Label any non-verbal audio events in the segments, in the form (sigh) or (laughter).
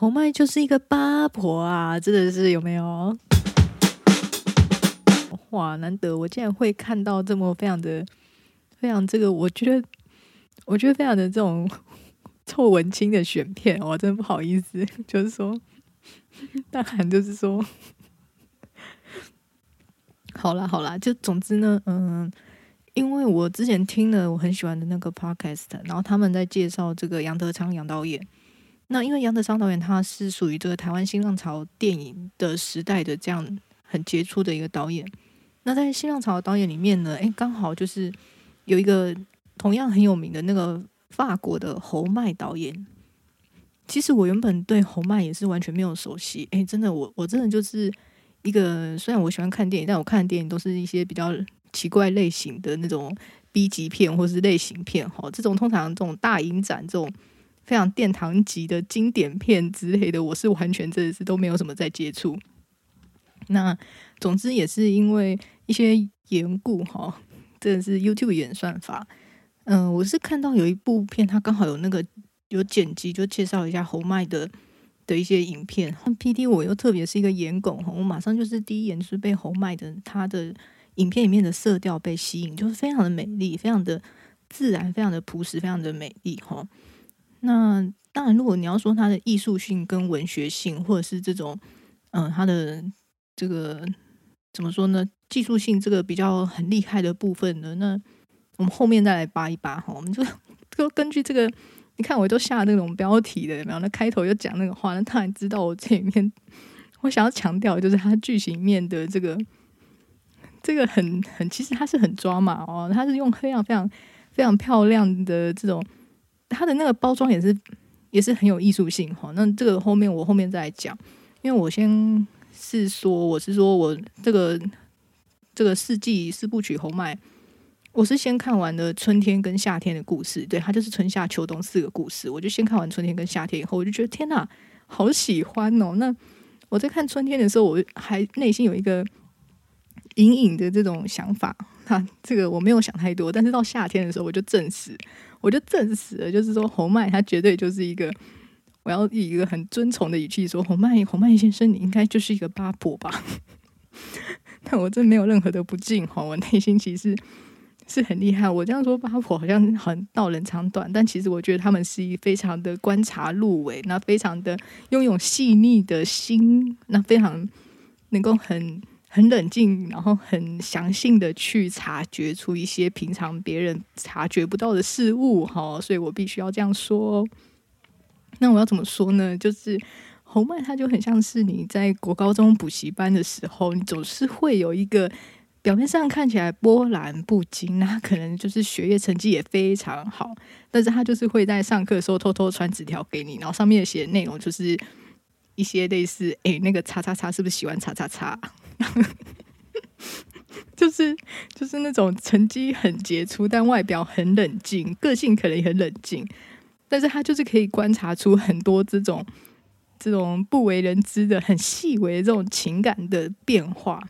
侯麥就是一個八婆啊，真的是有沒有？ (music) 哇，難得我竟然會看到這麼非常的、非常這個，我覺得我覺得非常的這種呵呵臭文青的選片，我真的不好意思，就是說 (laughs) (laughs) 大喊，就是說 (laughs) 好啦好啦，就總之呢，嗯，因為我之前聽了我很喜歡的那個 podcast，然後他們在介紹這個楊德昌楊導演。那因為楊德昌導演他是屬於這個台灣新浪潮電影的時代的這樣很傑出的一個導演。那在新浪潮導演裡面呢，誒，剛好就是有一個同樣很有名的那個法國的侯麥導演。其實我原本對侯麥也是完全沒有熟悉。誒，真的，我我真的就是一個雖然我喜歡看電影，但我看的電影都是一些比較奇怪類型的那種 B 級片或是類型片哈。這種通常這種大影展這種。非常殿堂級的經典片之類的，我是完全真的是都沒有什麼在接觸。那總之也是因為一些緣故哈，這是 YouTube 演算法。嗯、呃，我是看到有一部片，它剛好有那個有剪輯，就介紹一下侯麥的的一些影片。像 PD 我又特別是一個顏狗哈，我馬上就是第一眼就是被侯麥的他的影片裡面的色調被吸引，就是非常的美麗，非常的自然，非常的樸實，非常的美麗哈。那當然，如果你要說它的藝術性跟文學性，或者是這種，嗯、呃，它的這個怎麼說呢？技術性這個比較很厲害的部分呢，那我們後面再來扒一扒哈。我們就就根據這個，你看我都下那種標題的，然後那開頭就講那個話，那當然知道我這裡面我想要強調的就是他劇情面的這個這個很很，其實他是很抓馬哦，他是用黑非常非常非常漂亮的這種。它的那個包裝也是，也是很有藝術性哈。那這個後面我後面再講，因為我先是說我是說我這個這個四季四部曲侯麥，我是先看完了春天跟夏天的故事，對，它就是春夏秋冬四個故事。我就先看完春天跟夏天以後，我就覺得天吶、啊，好喜歡哦。那我在看春天的時候，我還內心有一個隱隱的這種想法，哈，這個我沒有想太多，但是到夏天的時候，我就證實。我就證實了，就是說侯麥他絕對就是一個，我要以一個很尊崇的語氣說，侯麥侯麥先生，你應該就是一個八婆吧？ (laughs) 但我真沒有任何的不敬哈，我內心其實是很厲害。我這樣說八婆好像很道人長短，但其實我覺得他們是一非常的觀察入微，那非常的擁有細膩的心，那非常能夠很。很冷靜，然後很詳細的去察覺出一些平常別人察覺不到的事物，哈、哦，所以我必須要這樣說、哦。那我要怎麼說呢？就是侯麥他就很像是你在國高中補習班的時候，你總是會有一個表面上看起來波瀾不驚，那可能就是學業成績也非常好，但是他就是會在上課的時候偷偷傳紙條給你，然後上面寫的內容就是一些類似誒，那個叉叉叉是不是喜歡叉叉叉。 (laughs) 就是就是那種成績很傑出，但外表很冷靜，個性可能也很冷靜，但是他就是可以觀察出很多這種這種不為人知的很細微的這種情感的變化。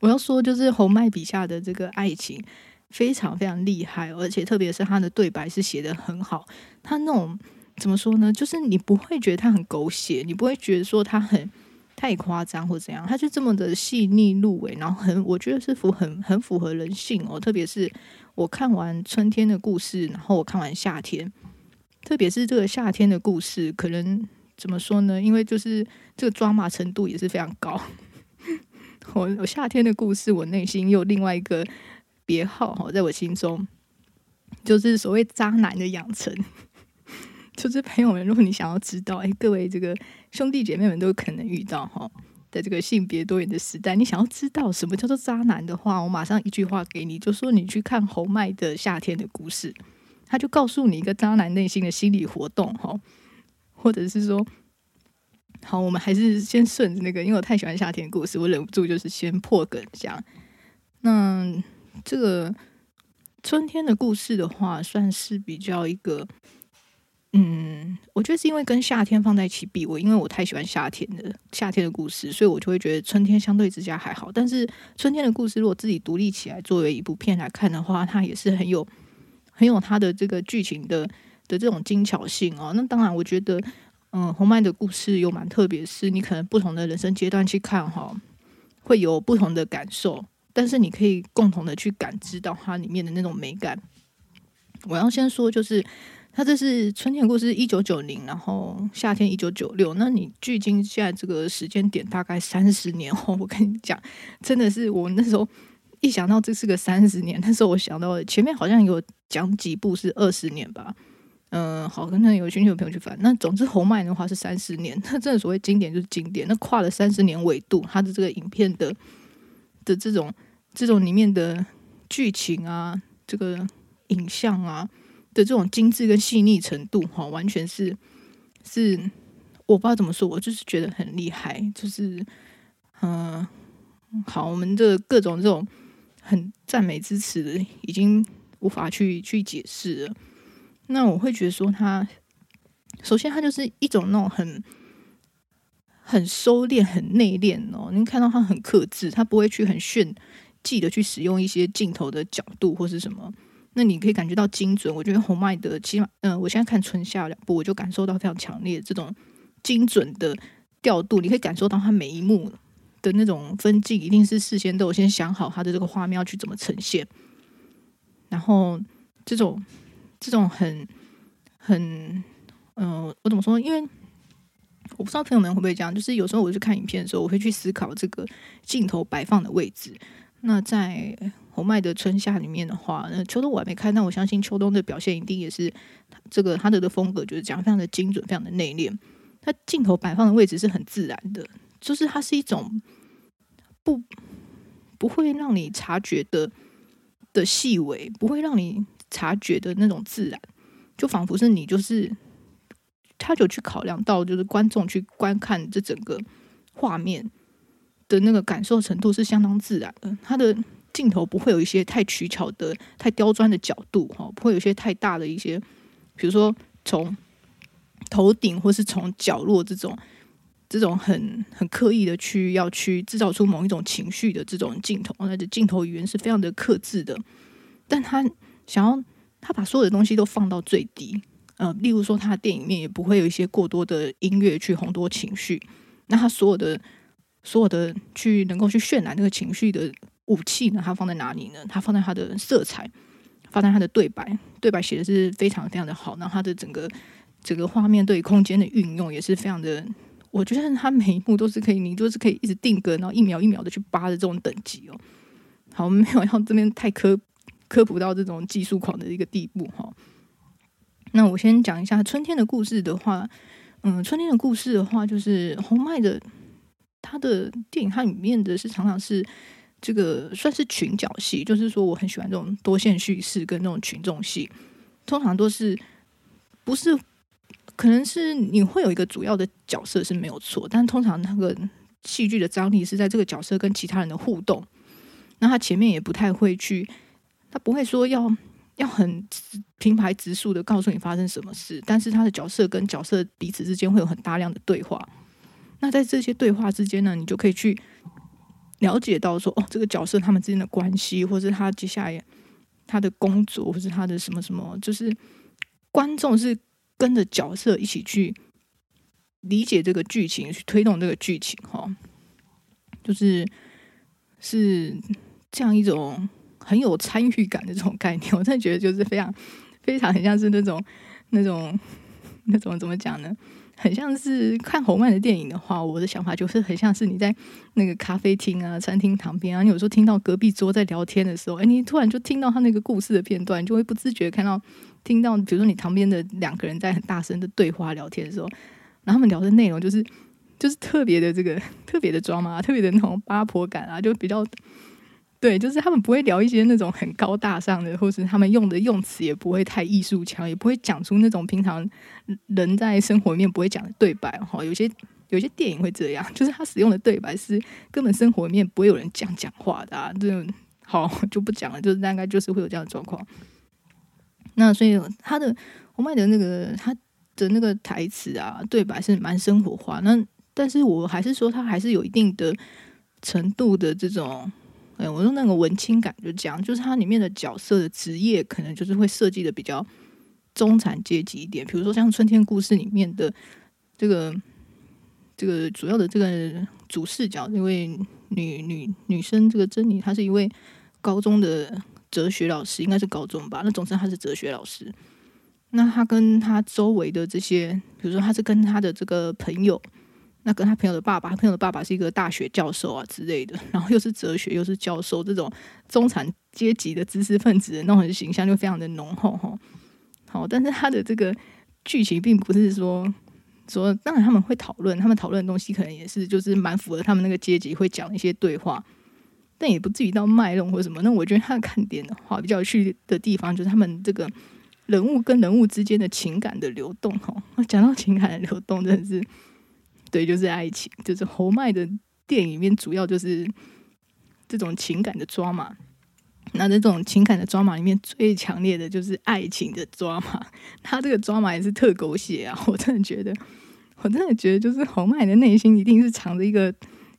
我要說，就是侯麥筆下的這個愛情非常非常厲害，而且特別是他的對白是寫得很好，他那種怎麼說呢？就是你不會覺得他很狗血，你不會覺得說他很。太誇張或者怎樣，他就這麼的細膩入微，然後很，我覺得是符很很符合人性哦、喔。特別是我看完春天的故事，然後我看完夏天，特別是這個夏天的故事，可能怎麼說呢？因為就是這個抓馬程度也是非常高。 (laughs) 我我夏天的故事，我內心又另外一個別號、喔、在我心中就是所謂渣男的養成。 (laughs) 就是朋友們，如果你想要知道，哎、欸，各位這個。兄弟姐妹們都可能遇到哈。在這個性別多元的時代，你想要知道什麼叫做渣男的話，我馬上一句話給你，就說你去看侯麥的《夏天的故事》，他就告訴你一個渣男內心的心理活動哈，或者是說，好，我們還是先順着那個，因為我太喜歡《夏天的故事》，我忍不住就是先破梗這樣。那這個春天的故事的話，算是比較一個。嗯，我覺得是因為跟夏天放在一起比，我因為我太喜歡夏天的夏天的故事，所以我就會覺得春天相對之下還好。但是春天的故事，如果自己獨立起來作為一部片來看的話，它也是很有很有它的這個劇情的的這種精巧性哦。那當然，我覺得嗯，侯麥的故事又蠻特別，是你可能不同的人生階段去看哈、哦，會有不同的感受。但是你可以共同的去感知到它裡面的那種美感。我要先說就是。他這是春天的故事一九九零，然後夏天一九九六。那你距今現在這個時間點大概三十年後，我跟你講，真的是我那時候一想到這是個三十年，那時候我想到前面好像有講幾部是二十年吧。嗯、呃，好，跟那有興趣的朋友去翻。那總之侯麥的話是三十年，那真的所謂經典就是經典。那跨了三十年緯度，它的這個影片的的這種這種裡面的劇情啊，這個影像啊。的這種精致跟細膩程度，哈，完全是是我不知道怎麼說，我就是覺得很厲害，就是嗯、呃，好，我們的各種這種很讚美之詞已經無法去去解釋了。那我會覺得說，他首先他就是一種那種很很收斂、很內斂哦。你看到他很克制，他不會去很炫技的去使用一些鏡頭的角度或是什麼。那你可以感覺到精準，我覺得侯麥的起碼，嗯、呃，我現在看春夏兩部，我就感受到非常強烈的這種精準的調度。你可以感受到他每一幕的那種分鏡，一定是事先都有先想好他的這個畫面要去怎麼呈現。然後這種這種很很嗯、呃，我怎麼說？因為我不知道朋友們會不會這樣，就是有時候我去看影片的時候，我會去思考這個鏡頭擺放的位置。那在侯麥的春夏裡面的話，那秋冬我還沒看，但我相信秋冬的表現一定也是這個他的風格，就是講非常的精準，非常的內斂。他鏡頭擺放的位置是很自然的，就是它是一種不不會讓你察覺的的細微，不會讓你察覺的那種自然，就仿佛是你就是他就去考量到，就是觀眾去觀看這整個畫面。的那個感受程度是相當自然的，呃、他的鏡頭不會有一些太取巧的、太刁鑽的角度哈、哦，不會有一些太大的一些，比如說從頭頂或是從角落這種這種很很刻意的去要去制造出某一種情緒的這種鏡頭，而且鏡頭語言是非常的克制的。但他想要他把所有的東西都放到最低，呃，例如說他的電影裡面也不會有一些過多的音樂去烘托情緒，那他所有的。所有的去能夠去渲染那個情緒的武器呢？它放在哪裡呢？它放在它的色彩，放在它的對白。對白寫的是非常非常的好，然後它的整個整個畫面對於空間的運用也是非常的。我覺得它每一幕都是可以，你都是可以一直定格，然後一秒一秒的去扒的這種等級哦。好，我們沒有要這邊太科科普到這種技術狂的一個地步哈、哦。那我先講一下春天的故事的話，嗯，春天的故事的話就是侯麥的。他的電影，他裡面的是常常是這個算是群角戲，就是說我很喜歡這種多線敘事跟那種群眾戲，通常都是不是，可能是你會有一個主要的角色是沒有錯，但通常那個戲劇的張力是在這個角色跟其他人的互動，那他前面也不太會去，他不會說要要很平鋪直敘的告訴你發生什麼事，但是他的角色跟角色彼此之間會有很大量的對話。那在這些對話之間呢，你就可以去了解到說，哦，這個角色他們之間的關係，或者是他接下來他的工作，或者是他的什麼什麼，就是觀眾是跟着角色一起去理解這個劇情，去推動這個劇情，哈、哦，就是是這樣一種很有參與感的這種概念。我真的覺得就是非常非常像是那種那種那種怎麼講呢？很像是看侯麥的電影的話，我的想法就是很像是你在那個咖啡廳啊、餐廳旁邊啊，你有時候聽到隔壁桌在聊天的時候，誒，你突然就聽到他那個故事的片段，你就會不自覺看到、聽到，比如說你旁邊的兩個人在很大聲的對話聊天的時候，然後他們聊的內容就是就是特別的這個特別的裝嘛、啊，特別的那種八婆感啊，就比較。對，就是他們不會聊一些那種很高大上的，或是他們用的用詞也不會太藝術腔，也不會講出那種平常人在生活裡面不會講的對白。哈、哦，有些有些電影會這樣，就是他使用的對白是根本生活裡面不會有人講講話的、啊。這種好就不講了，就是大概就是會有這樣的狀況。那所以他的侯麥的那個他的那個台詞啊，對白是蠻生活化，那但是我還是說他還是有一定的程度的這種。嗯、我說那個文青感就這樣，就是它裡面的角色的職業可能就是會設計的比較中產階級一點，比如說像《春天故事》裡面的這個這個主要的這個主視角，一位女女女生，這個珍妮，她是一位高中的哲學老師，應該是高中吧，那總之她是哲學老師。那她跟她周圍的這些，比如說她是跟她的這個朋友。那跟他朋友的爸爸，他朋友的爸爸是一個大學教授啊之類的，然後又是哲學又是教授這種中產階級的知識分子，那種形象就非常的濃厚哈、哦。好，但是他的這個劇情並不是說說，當然他們會討論，他們討論的東西可能也是就是蠻符合他們那個階級會講一些對話，但也不至於到賣弄或什麼。那我覺得他的看點的話，比較有趣的地方就是他們這個人物跟人物之間的情感的流動哦。講到情感的流動，真的是。對，就是愛情，就是侯麥的電影裡面主要就是這種情感的抓馬。那這種情感的抓馬裡面最強烈的就是愛情的抓馬。他這個抓馬也是特狗血啊！我真的覺得，我真的覺得，就是侯麥的內心一定是藏着一個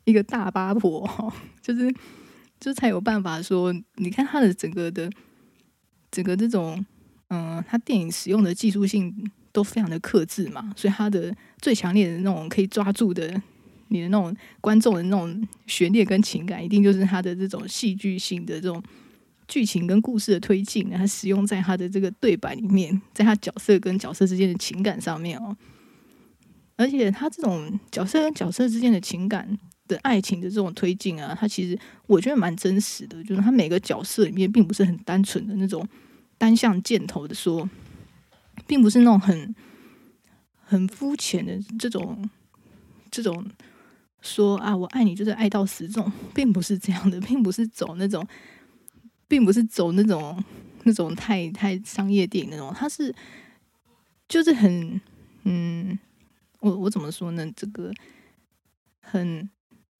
一個大八婆，哦，就是就才有辦法說，你看他的整個的整個這種，嗯，他電影使用的技術性。都非常的克制嘛，所以他的最強烈的那種可以抓住的你的那種觀眾的那種懸念跟情感，一定就是他的這種戲劇性的這種劇情跟故事的推進，然後使用在他的這個對白裡面，在他角色跟角色之間的情感上面哦。而且他這種角色跟角色之間的情感的愛情的這種推進啊，他其實我覺得蠻真實的，就是他每個角色裡面並不是很單純的那種單向箭頭的說。並不是那種很很膚淺的這種這種說啊，我愛你就是愛到死，這種並不是這樣的，並不是走那種，並不是走那種那種太太商業電影那種，它是就是很嗯，我我怎麼說呢？這個很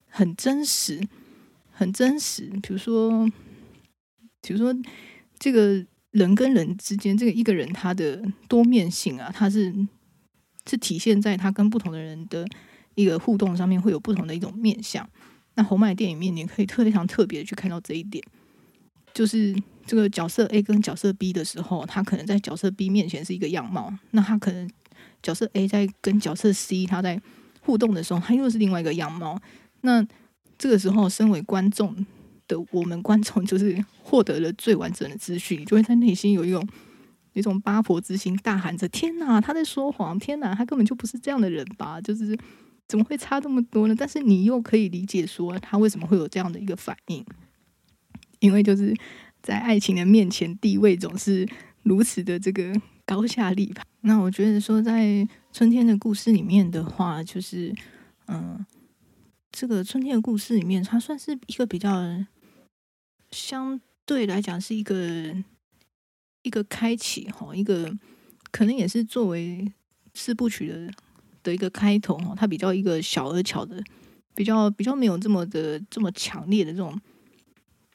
很真實，很真實。比如說，比如說這個。人跟人之間，這個一個人他的多面性啊，他是是體現在他跟不同的人的一個互動上面，會有不同的一種面向。那侯麥電影裡面，你可以特別、非常特別的去看到這一點，就是這個角色 A 跟角色 B 的時候，他可能在角色 B 面前是一個樣貌；那他可能角色 A 在跟角色 C 他在互動的時候，他又是另外一個樣貌。那這個時候，身為觀眾。的我們觀眾就是獲得了最完整的資訊，就會在內心有一種一種八婆之心，大喊着：“天哪，他在說謊！天哪，他根本就不是這樣的人吧？就是怎麼會差這麼多呢？”但是你又可以理解說他為什麼會有這樣的一個反應，因為就是在愛情的面前，地位總是如此的這個高下立判。那我覺得說，在春天的故事裡面的話，就是嗯，這個春天的故事裡面，他算是一個比較。相對來講是一個一個開啟哈，一個可能也是作為四部曲的的一個開頭，它比較一個小而巧的，比較比較沒有這麼的這麼強烈的這種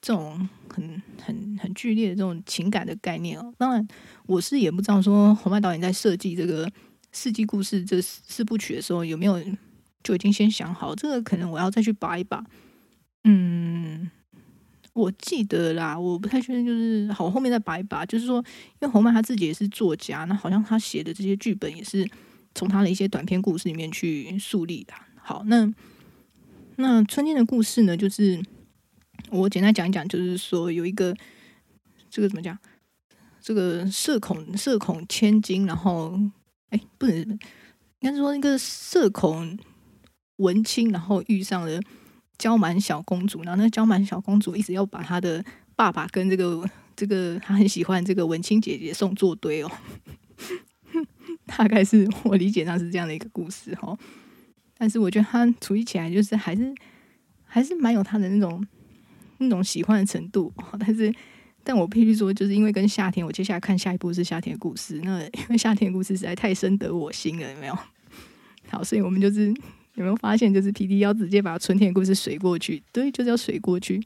這種很很很劇烈的這種情感的概念哦，當然，我是也不知道說侯麥導演在設計這個四季故事這四部曲的時候有沒有就已經先想好這個，可能我要再去扒一扒，嗯。我記得啦，我不太確定，就是好我後面再擺吧。就是說，因為侯麥他自己也是作家，那好像他寫的這些劇本也是從他的一些短篇故事裡面去樹立的。好，那那春天的故事呢？就是我簡單講一講，就是說有一個這個怎麼講？這個社恐社恐千金，然後哎、欸，不能應該是說那個社恐文青，然後遇上了。嬌蠻小公主，然後那嬌蠻小公主一直要把她的爸爸跟這個這個她很喜歡這個文青姐姐送作堆哦， (laughs) 大概是我理解上是這樣的一個故事哦，但是我覺得她處理起來就是還是還是蠻有她的那種那種喜歡的程度。但是但我必須說，就是因為跟夏天，我接下來看下一部是夏天的故事。那因為夏天的故事實在太深得我心了，有沒有？好，所以我們就是。有沒有發現，就是 PD 要直接把春天的故事水過去？對，就是要水過去。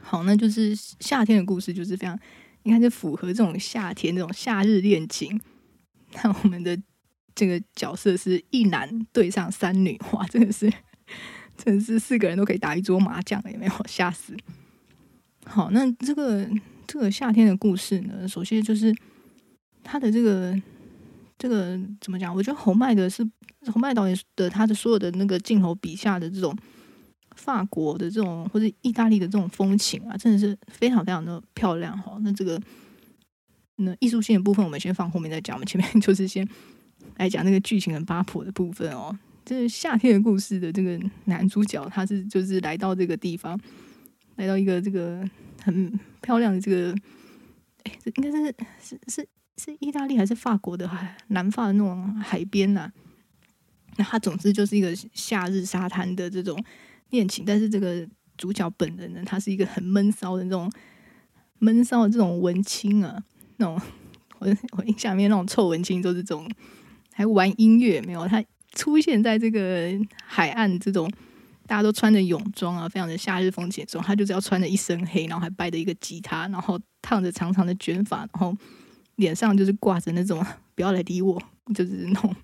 好，那就是夏天的故事，就是非常你看，就符合這種夏天這種夏日戀情。那我們的這個角色是一男對上三女，哇，真的是，真是四個人都可以打一桌麻將，有沒有？嚇死！好，那這個這個夏天的故事呢，首先就是它的這個。這個怎麼講？我覺得侯麥的是侯麥導演的他的所有的那個鏡頭筆下的這種法國的這種或者意大利的這種風情啊，真的是非常非常的漂亮哈、哦。那這個那藝術性的部分，我們先放後面再講。我們前面就是先來講那個劇情很八婆的部分哦。就是夏天的故事的這個男主角，他是就是來到這個地方，來到一個這個很漂亮的這個哎，這應該是是是。是是是意大利還是法國的海，南法的那種海邊吶、啊？那它總之就是一個夏日沙灘的這種戀情。但是這個主角本人呢，他是一個很悶騷的那種悶騷的這種文青啊，那種我我印象裡面那種臭文青，就是這種還玩音樂沒有？他出現在這個海岸這種大家都穿着泳裝啊，非常的夏日風情中，他就是要穿着一身黑，然後還背着一個吉他，然後燙着長長的捲髮，然後。臉上就是掛着那種不要來理我，就是那種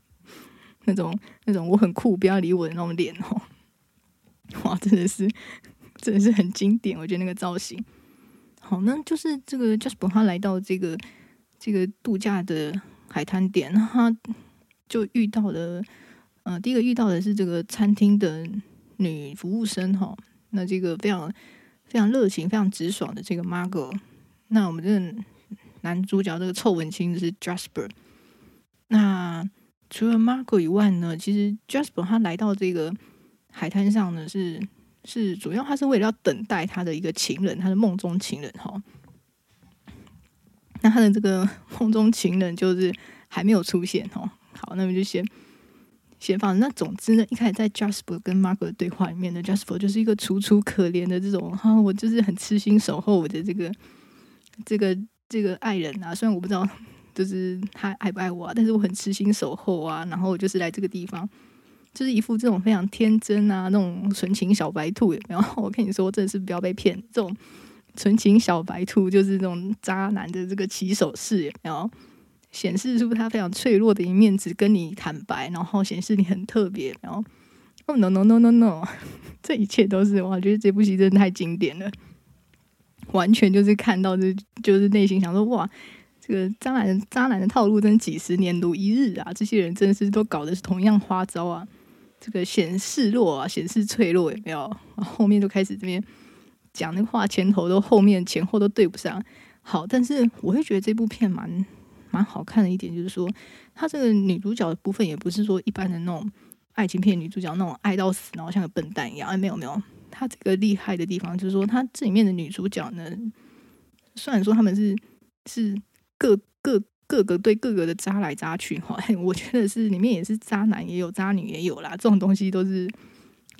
那種那種我很酷，不要理我的那種臉哦。哇，真的是真的是很經典，我覺得那個造型。好，那就是這個 Jasper 他來到這個這個度假的海灘店，那他就遇到的，嗯、呃，第一個遇到的是這個餐廳的女服務生哈、哦，那這個非常非常熱情、非常直爽的這個 Margot。那我們這個。男主角這個臭文青是 Jasper。那除了 Marco 以外呢，其實 Jasper 他來到這個海灘上呢，是是主要他是為了要等待他的一個情人，他的夢中情人哈、哦。那他的這個夢中情人就是還沒有出現哦。好，那麼就先先放。那總之呢，一開始在 Jasper 跟 Marco 的對話裡面呢，Jasper 就是一個楚楚可憐的這種哈、哦，我就是很痴心守候我的這個這個。這個愛人啊，雖然我不知道，就是他愛不愛我啊，但是我很痴心守候啊。然後就是來這個地方，就是一副這種非常天真啊，那種純情小白兔。然後我跟你說，真的是不要被騙，這種純情小白兔就是這種渣男的這個起手式。然後顯示出他非常脆弱的一面，只跟你坦白，然後顯示你很特別。然後哦，no no no no no, no. (laughs) 這一切都是我覺得這部戲真的太經典了。完全就是看到這就是、就是、內心想說，哇，這個渣男渣男的套路真幾十年如一日啊！這些人真的是都搞的是同樣花招啊，這個顯示弱啊，顯示脆弱有沒有？後面就開始這邊講那個話，前頭都後面前後都對不上。好，但是我會覺得這部片蠻蠻好看的一點就是說，他這個女主角的部分也不是說一般的那種愛情片女主角那種愛到死，然後像個笨蛋一樣。哎，沒有沒有。他這個厲害的地方就是說，他這裡面的女主角呢，雖然說他們是是各各各個對各個的渣來渣去哈，我覺得是裡面也是渣男也有，渣女也有啦，這種東西都是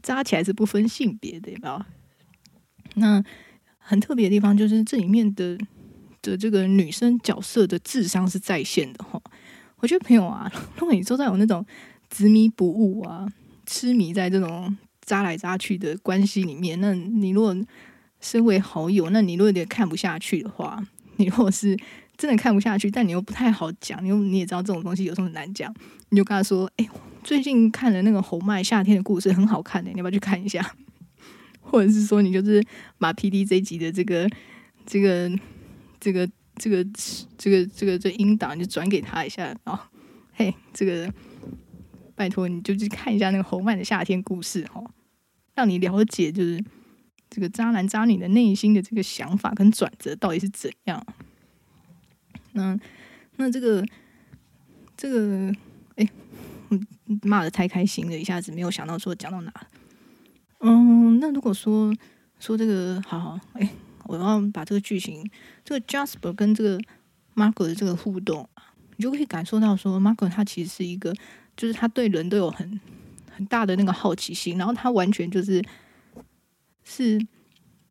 渣起來是不分性別的，吧。那很特別的地方就是這裡面的的這個女生角色的智商是在線的哈，我覺得沒有啊，如果你說在有那種執迷不悟啊，痴迷在這種。扎來扎去的關係裡面，那你如果身為好友，那你如果有點看不下去的話，你或是真的看不下去，但你又不太好講，你又你也知道這種東西有什麼難講，你就跟他說：“哎、欸，最近看了那個侯麥《夏天的故事》，很好看的，你要不要去看一下？” (laughs) 或者是說，你就是把 P D 這集的這個、這個、這個、這個、這個、這個這個這個、音檔就轉給他一下哦嘿，這個拜託，你就去看一下那個《侯麥的夏天》故事哦，讓你了解就是這個渣男渣女的內心的這個想法跟轉折到底是怎樣。那那這個這個哎，罵、欸、的太開心了，一下子沒有想到說講到哪。嗯，那如果說說這個，好好，哎、欸，我要把這個劇情，這個 Jasper 跟這個 Marco 的這個互動，你就可以感受到說 Marco 它其實是一個。就是他對人都有很很大的那個好奇心，然後他完全就是是，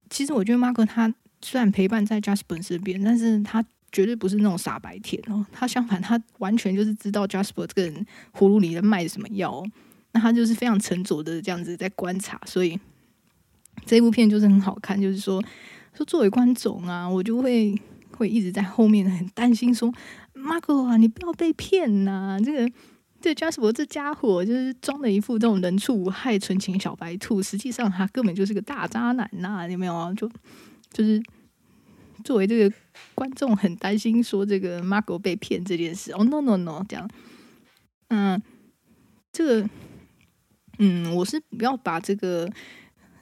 其實我覺得 Margot 他雖然陪伴在 Gaspard 身邊，但是他絕對不是那種傻白甜哦，他相反他完全就是知道 Gaspard 這個人葫蘆裡在賣什麼藥，那他就是非常沉着的這樣子在觀察，所以這部片就是很好看，就是說說作為觀眾啊，我就會會一直在後面很擔心說 Margot 啊，你不要被騙吶、啊，這個。對，加斯伯這家伙就是裝的一副這種人畜無害、純情小白兔，實際上他根本就是個大渣男吶、啊！有沒有、啊？就就是作為這個觀眾很擔心說這個 g 狗被騙這件事。哦、oh, no,，no no no，這樣，嗯，這個，嗯，我是不要把這個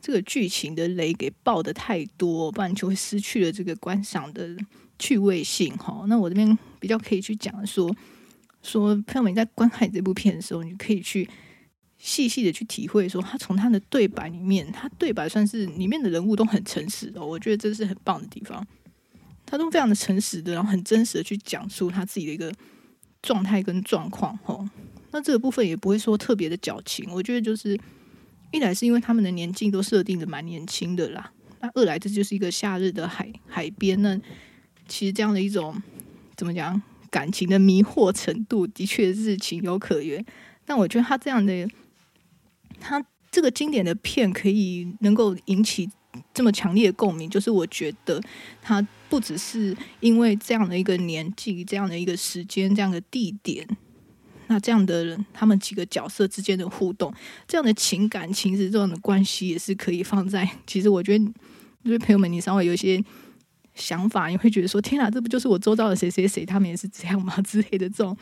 這個劇情的雷給爆的太多，不然就會失去了這個觀賞的趣味性哈、哦。那我這邊比較可以去講說。說，票民在觀看這部片的時候，你可以去細細的去體會，說他從他的對白裡面，他對白算是裡面的人物都很誠實的、哦，我覺得這是很棒的地方。他都非常的誠實的，然後很真實的去講述他自己的一個狀態跟狀況。吼、哦，那這個部分也不會說特別的矯情，我覺得就是一來是因為他們的年紀都設定的蠻年輕的啦，那二來這就是一個夏日的海海邊，那其實這樣的一種怎麼講？感情的迷惑程度的確是情有可原，但我覺得他這樣的，他這個經典的片可以能夠引起這麼強烈的共鳴，就是我覺得他不只是因為這樣的一個年紀、這樣的一個時間、這樣的地點，那這樣的人他們幾個角色之間的互動，這樣的情感、其實這樣的關係也是可以放在。其實我覺得，因為朋友們，你稍微有一些。想法，你會覺得說，天哪，這不就是我周遭的誰誰誰，他們也是這樣嗎？之類的這種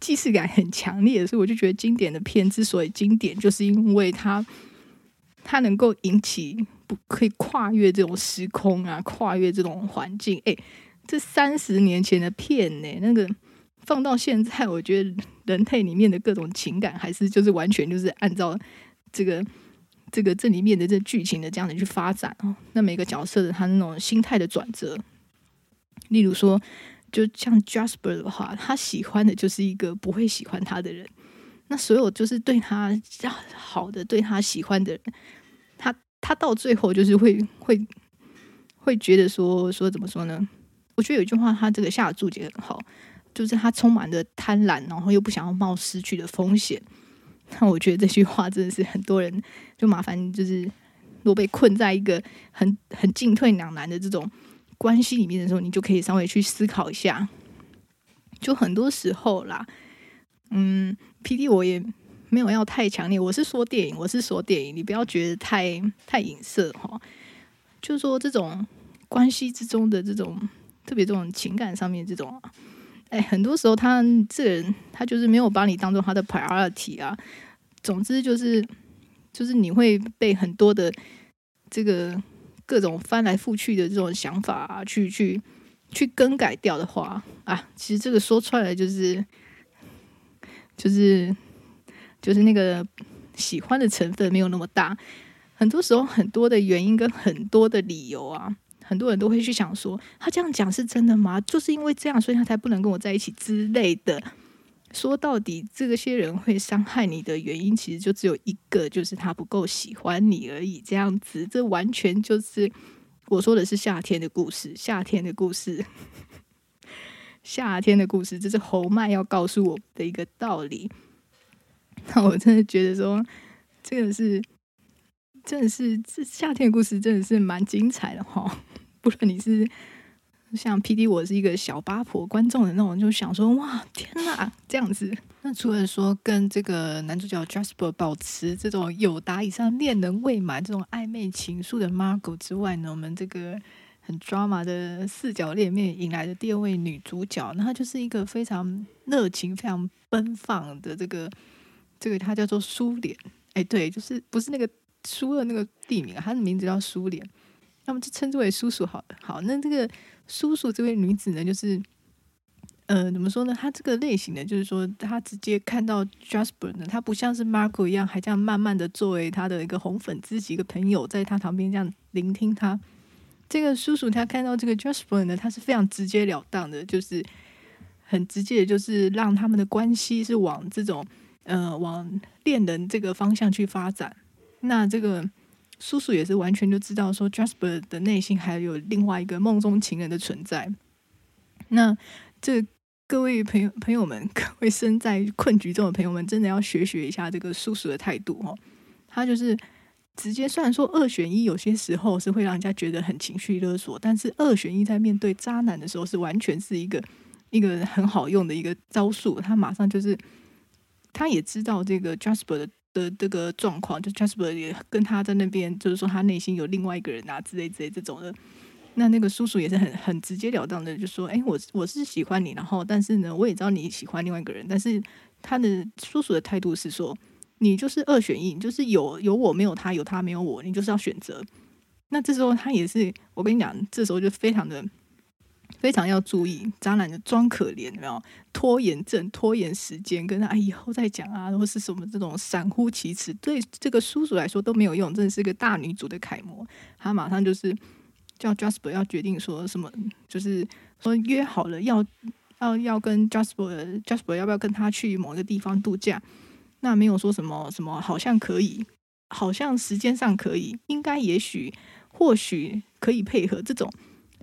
既視感很強烈，所以我就覺得經典的片之所以經典，就是因為它它能夠引起，不可以跨越這種時空啊，跨越這種環境。誒，這三十年前的片呢，那個放到現在，我覺得人態裡面的各種情感還是就是完全就是按照這個。這個這裡面的這個、劇情的這樣的去發展啊、哦，那每個角色的他那種心態的轉折，例如說，就像 Jasper 的話，他喜歡的就是一個不會喜歡他的人，那所有就是對他好的、對他喜歡的人，他他到最後就是會會會覺得說說怎麼說呢？我覺得有一句話，他這個下注解很好，就是他充滿著貪婪，然後又不想要冒失去的風險。那我覺得這句話真的是很多人就麻煩，就是若被困在一個很很進退兩難的這種關係裡面的時候，你就可以稍微去思考一下。就很多時候啦，嗯，P D 我也沒有要太強烈，我是說電影，我是說電影，你不要覺得太太影射哈、哦，就說這種關係之中的這種特別這種情感上面這種、啊哎，很多時候他這個人，他就是沒有把你當做他的 priority 啊。總之就是，就是你會被很多的這個各種翻來覆去的這種想法啊，去去去更改掉的話啊，其實這個說出來就是就是就是那個喜歡的成分沒有那麼大。很多時候很多的原因跟很多的理由啊。很多人都會去想說，他這樣講是真的嗎？就是因為這樣，所以他才不能跟我在一起之類的。說到底，這些人會傷害你的原因，其實就只有一個，就是他不夠喜歡你而已。這樣子，這完全就是我說的是夏天的故事，夏天的故事，夏天的故事，這是侯麥要告訴我的一個道理。那我真的覺得說，這個是真的是這夏天的故事，真的是蠻精彩的哈、哦。不論你是像 P.D，我是一個小八婆觀眾的那種，就想說哇，天哪，這樣子。那除了說跟這個男主角 Jasper 保持這種友達以上戀人未滿這種曖昧情愫的 Margo 之外呢，我們這個很 drama 的四角戀面引來的第二位女主角，那她就是一個非常熱情、非常奔放的這個這個，她叫做蘇蓮，哎、欸，對，就是不是那個蘇聯，那個地名，她的名字叫蘇蓮。那麼就稱之為叔叔好了。好，那這個叔叔這位女子呢，就是，呃，怎麼說呢？她這個類型呢，就是說她直接看到 Jasper 呢，她不像是 Marco 一樣，還這樣慢慢的作為他的一個紅粉知己、一個朋友，在他旁邊這樣聆聽他。這個叔叔他看到這個 Jasper 呢，他是非常直截了當的，就是很直接的，就是讓他們的關係是往這種，呃，往戀人這個方向去發展。那這個。叔叔也是完全就知道說，Jasper 的內心還有另外一個夢中情人的存在。那這各位朋友朋友們，各位身在困局中的朋友們，真的要學學一下這個叔叔的態度哦。他就是直接，雖然說二選一有些時候是會讓人家覺得很情緒勒索，但是二選一在面對渣男的時候，是完全是一個一個很好用的一個招數。他馬上就是，他也知道這個 Jasper 的。的這個狀況，就 Gaspard 也跟他在那邊，就是說他內心有另外一個人啊之類之類這種的。那那個叔叔也是很很直截了當的，就說：“哎、欸，我是我是喜歡你，然後但是呢，我也知道你喜歡另外一個人。”但是他的叔叔的態度是說：“你就是二選一，你就是有有我沒有他，有他沒有我，你就是要選擇。”那這時候他也是，我跟你講，這時候就非常的。非常要注意，渣男的裝可憐，有沒有拖延症，拖延時間，跟他以後、哎、再講啊，或是什麼這種閃爍其詞，對這個叔叔來說都沒有用，真的是個大女主的楷模。他馬上就是叫 Jasper 要決定說什麼，就是說約好了要要要跟 Jasper Jasper 要不要跟他去某個地方度假？那沒有說什麼什麼好像可以，好像時間上可以，應該也許或許可以配合這種。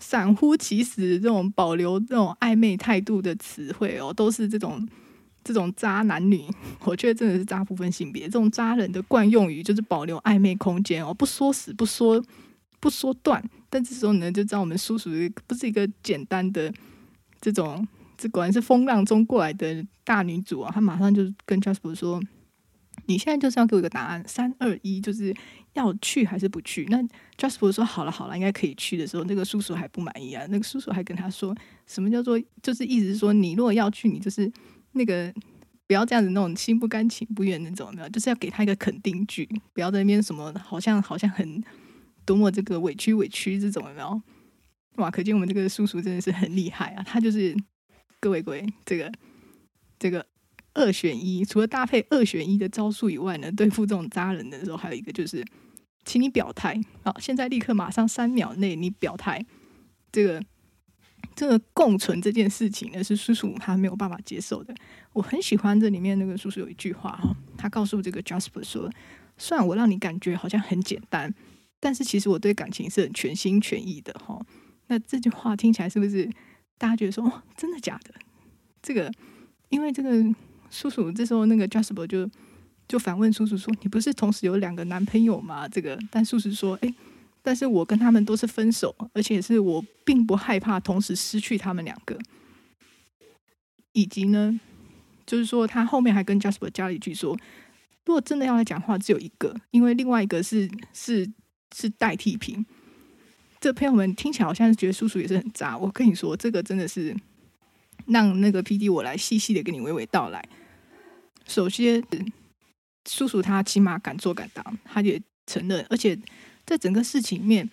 閃爍其詞這種保留這種曖昧態度的詞彙哦，都是這種這種渣男女。我覺得真的是渣部分性別這種渣人的慣用語，就是保留曖昧空間哦，不說死不說不說斷。但這時候呢，就知道我們叔叔不是一個簡單的這種，這果然是風浪中過來的大女主啊。她馬上就跟 Jasper 說：“你現在就是要給我一個答案，三二一，就是。”要去還是不去？那 Jasper 說好了，好了，應該可以去的時候，那個叔叔還不滿意啊。那個叔叔還跟他說，什麼叫做就是一直說，你若要去，你就是那個不要這樣子那種心不甘情不願那種的，就是要給他一個肯定句，不要在那邊什麼好像好像很多麼這個委屈委屈這種然後，哇，可見我們這個叔叔真的是很厲害啊，他就是各位各位這個這個。這個二選一，除了搭配二選一的招數以外呢，對付這種渣人的時候，還有一個就是，請你表態。好，現在立刻馬上三秒內你表態。這個這個共存這件事情呢，是叔叔他沒有辦法接受的。我很喜歡這裡面那個叔叔有一句話哦，他告訴這個 Jasper 說：“雖然我讓你感覺好像很簡單，但是其實我對感情是很全心全意的。”哈，那這句話聽起來是不是大家覺得說，哦，真的假的？這個，因為這個。叔叔這時候，那個 Jasper 就就反問叔叔說：“你不是同時有兩個男朋友嗎？”這個，但叔叔說：“哎、欸，但是我跟他們都是分手，而且是我並不害怕同時失去他們兩個。”以及呢，就是說他後面還跟 Jasper 加了一句說：“如果真的要來講話，只有一個，因為另外一個是是是代替品。”這個、朋友們聽起來好像是覺得叔叔也是很渣。我跟你說，這個真的是讓那個 PD 我來細細的跟你娓娓道來。首先，叔叔他起碼敢做敢當，他也承認。而且，在整個事情面，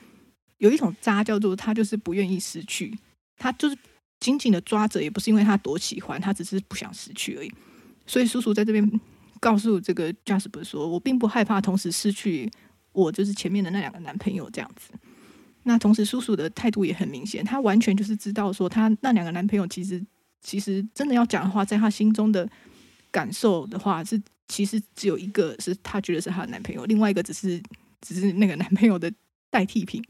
有一種渣叫做他就是不願意失去，他就是緊緊的抓着，也不是因為他多喜歡，他只是不想失去而已。所以，叔叔在這邊告訴這個加斯帕，說：“我並不害怕同時失去我就是前面的那兩個男朋友這樣子。”那同時，叔叔的態度也很明顯，他完全就是知道說，他那兩個男朋友其實其實真的要講的話，在他心中的。感受的話是，其實只有一個是他覺得是他的男朋友，另外一個只是只是那個男朋友的代替品。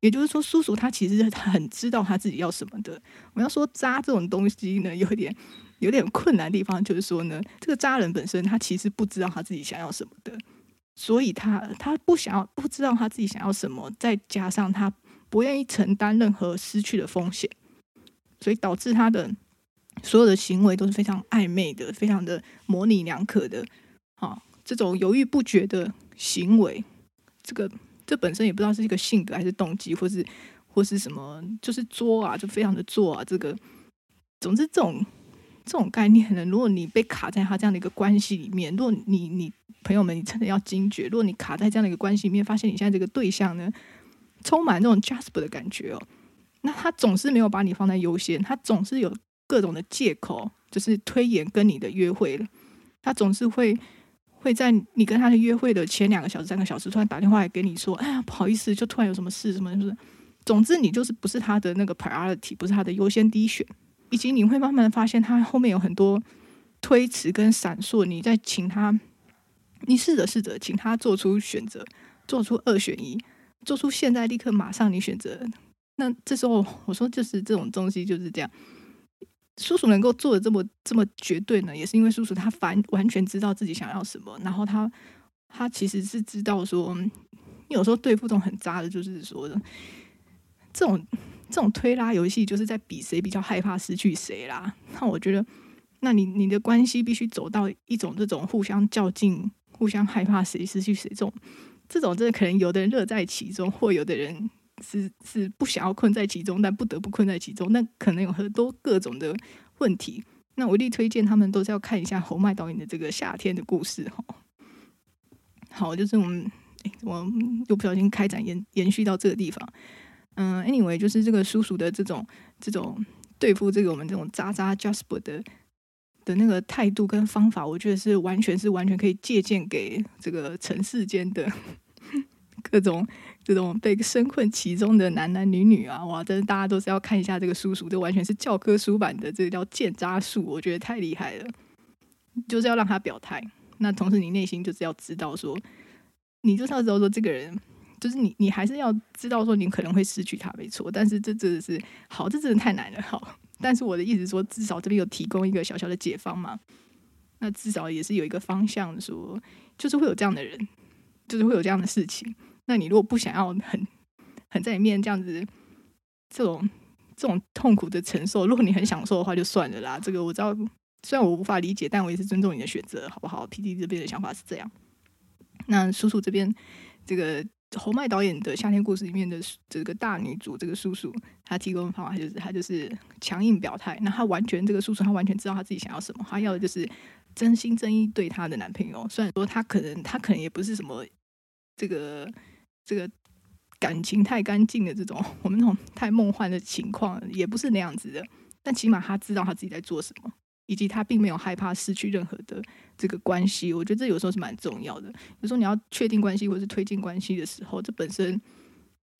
也就是說，叔叔他其實很知道他自己要什麼的。我要說渣這種東西呢，有點有點困難的地方，就是說呢，這個渣人本身他其實不知道他自己想要什麼的，所以他他不想要，不知道他自己想要什麼，再加上他不願意承擔任何失去的風險，所以導致他的。所有的行為都是非常曖昧的，非常的模稜兩可的，好、哦，這種猶豫不決的行為，這個這本身也不知道是一個性格還是動機，或是或是什麼，就是作啊，就非常的作啊。這個，總之這種這種概念呢，如果你被卡在他這樣的一個關係裡面，如果你你朋友們，你真的要警覺，如果你卡在這樣的一個關係裡面，發現你現在這個對象呢，充滿那種 Jasper 的感覺哦，那他總是沒有把你放在優先，他總是有。各種的借口，就是推延跟你的約會了。他總是會會在你跟他的約會的前兩個小時、三個小時，突然打電話來給你說：“哎呀，不好意思，就突然有什麼事，什麼就是，總之你就是不是他的那個 priority，不是他的優先第一選，以及你會慢慢的發現他後面有很多推遲跟閃爍。你在請他，你試着試着，請他做出選擇，做出二選一，做出現在立刻馬上你選擇。那這時候我說，就是這種東西就是這樣。”叔叔能夠做的這麼這麼絕對呢，也是因為叔叔他煩，完全知道自己想要什麼，然後他他其實是知道說，你有時候對付這種很渣的，就是說的這種這種推拉遊戲，就是在比誰比較害怕失去誰啦。那我覺得，那你你的關係必須走到一種這種互相較勁、互相害怕誰失去誰這種這種，這種真的可能有的人樂在其中，或有的人。是是不想要困在其中，但不得不困在其中，那可能有很多各種的問題。那我一定推薦他們都是要看一下侯麥導演的這個《夏天的故事》好，好，就是我們我又不小心開展延延續到這個地方。嗯、呃、anyway，就是這個叔叔的這種這種對付這個我們這種渣渣 (laughs) Jasper 的的那個態度跟方法，我覺得是完全是完全可以借鑑給這個塵世間的各種。這種被身困其中的男男女女啊，哇！但是大家都是要看一下這個叔叔，這完全是教科書版的，這個叫“鑑渣術”，我覺得太厲害了。就是要讓他表態，那同時你內心就是要知道說，你就要知道說，這個人就是你，你還是要知道說，你可能會失去他，沒錯。但是這真的是好，這真的太難了。好，但是我的意思說，至少這邊有提供一個小小的解方嘛，那至少也是有一個方向說，說就是會有這樣的人，就是會有這樣的事情。那你如果不想要很很在裡面這樣子，這種這種痛苦的承受，如果你很享受的話，就算了啦。這個我知道，雖然我無法理解，但我也是尊重你的選擇，好不好？PD 這邊的想法是這樣。那叔叔這邊，這個侯麥導演的《夏天故事》裡面的這個大女主，這個叔叔，他提供的方法就是他就是強硬表態。那他完全這個叔叔，他完全知道他自己想要什麼，他要的就是真心真意對他的男朋友。雖然說他可能他可能也不是什麼這個。這個感情太乾淨的這種，我們那種太夢幻的情況也不是那樣子的。但起碼他知道他自己在做什麼，以及他並沒有害怕失去任何的這個關係。我覺得這有時候是蠻重要的。有時候你要確定關係或者是推進關係的時候，這本身，如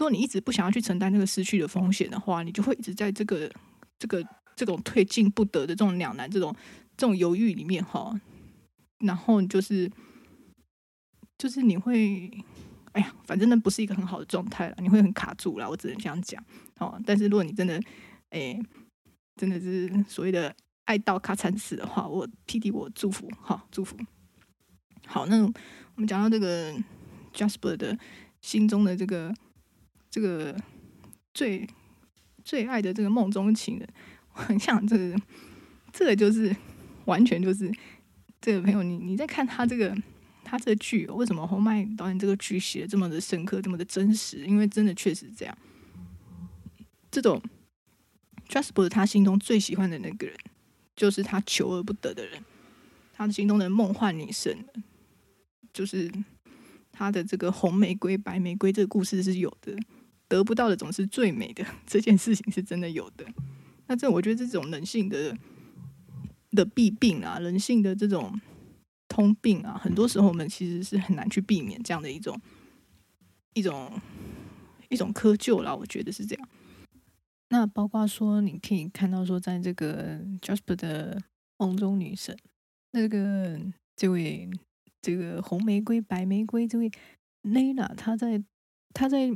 果你一直不想要去承擔那個失去的風險的話，你就會一直在這個這個這種退進不得的這種兩難、這種這種猶豫裡面哈。然後就是就是你會。哎呀，反正那不是一個很好的狀態了，你會很卡住了。我只能這樣講哦。但是如果你真的，哎、欸，真的是所謂的愛到卡慘死的話，我 PD，我祝福，好祝福。好，那我們講到這個 Jasper 的心中的這個這個最最愛的這個夢中情人，我很想這個，這個就是完全就是這個朋友你，你你在看他這個。他這個劇、哦、為什麼侯麥導演這個劇寫得這麼的深刻，這麼的真實？因為真的確實這樣。這種 j u s t 不是他心中最喜歡的那個人，就是他求而不得的人，他的心中的夢幻女神，就是他的這個紅玫瑰、白玫瑰這個故事是有的。得不到的總是最美的，這件事情是真的有的。那這我覺得這種人性的的弊病啊，人性的這種。通病啊，很多時候我們其實是很難去避免這樣的一種一種一種窠臼啦。我覺得是這樣。那包括說，你可以看到說，在這個 Jasper 的夢中女神，那個這位這個紅玫瑰、白玫瑰這位 Nina，她在她在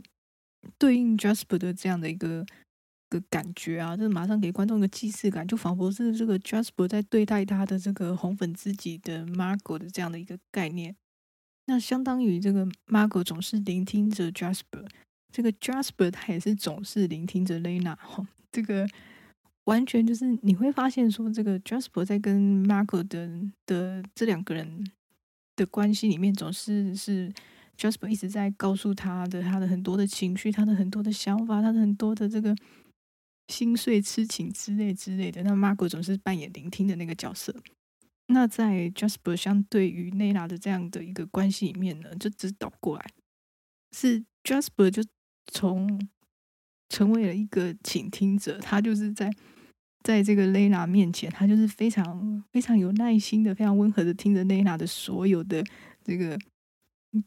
對應 Jasper 的這樣的一個。的感覺啊，就是馬上給觀眾一個既視感，就仿佛是這個 Jasper 在對待他的這個紅粉知己的 Margot 的這樣的一個概念。那相當於這個 Margot 總是聆聽着 Jasper，這個 Jasper 他也是總是聆聽着 Lena、哦、這個完全就是你會發現說，這個 Jasper 在跟 Margot 的的這兩個人的關係裡面，總是是 Jasper 一直在告訴他的他的很多的情緒，他的很多的想法，他的很多的這個。心碎、痴情之類之類的，那 Margot 總是扮演聆聽的那個角色。那在 Jasper 相對於 Léna 的這樣的一個關係裡面呢，就只倒過來，是 Jasper 就從成為了一個傾聽者，他就是在在這個 Léna 面前，他就是非常非常有耐心的、非常溫和的聽着 Léna 的所有的這個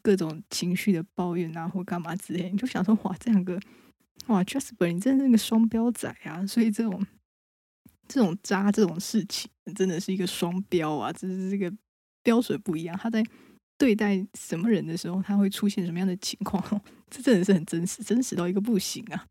各種情緒的抱怨啊，或幹嘛之類的，你就想說，哇，這兩個。哇，Jasper，你真的是那個雙標仔啊！所以這種、這種渣這種事情，真的是一個雙標啊！這是這個標準不一樣，他在對待什麼人的時候，他會出現什麼樣的情況？這真的是很真實，真實到一個不行啊！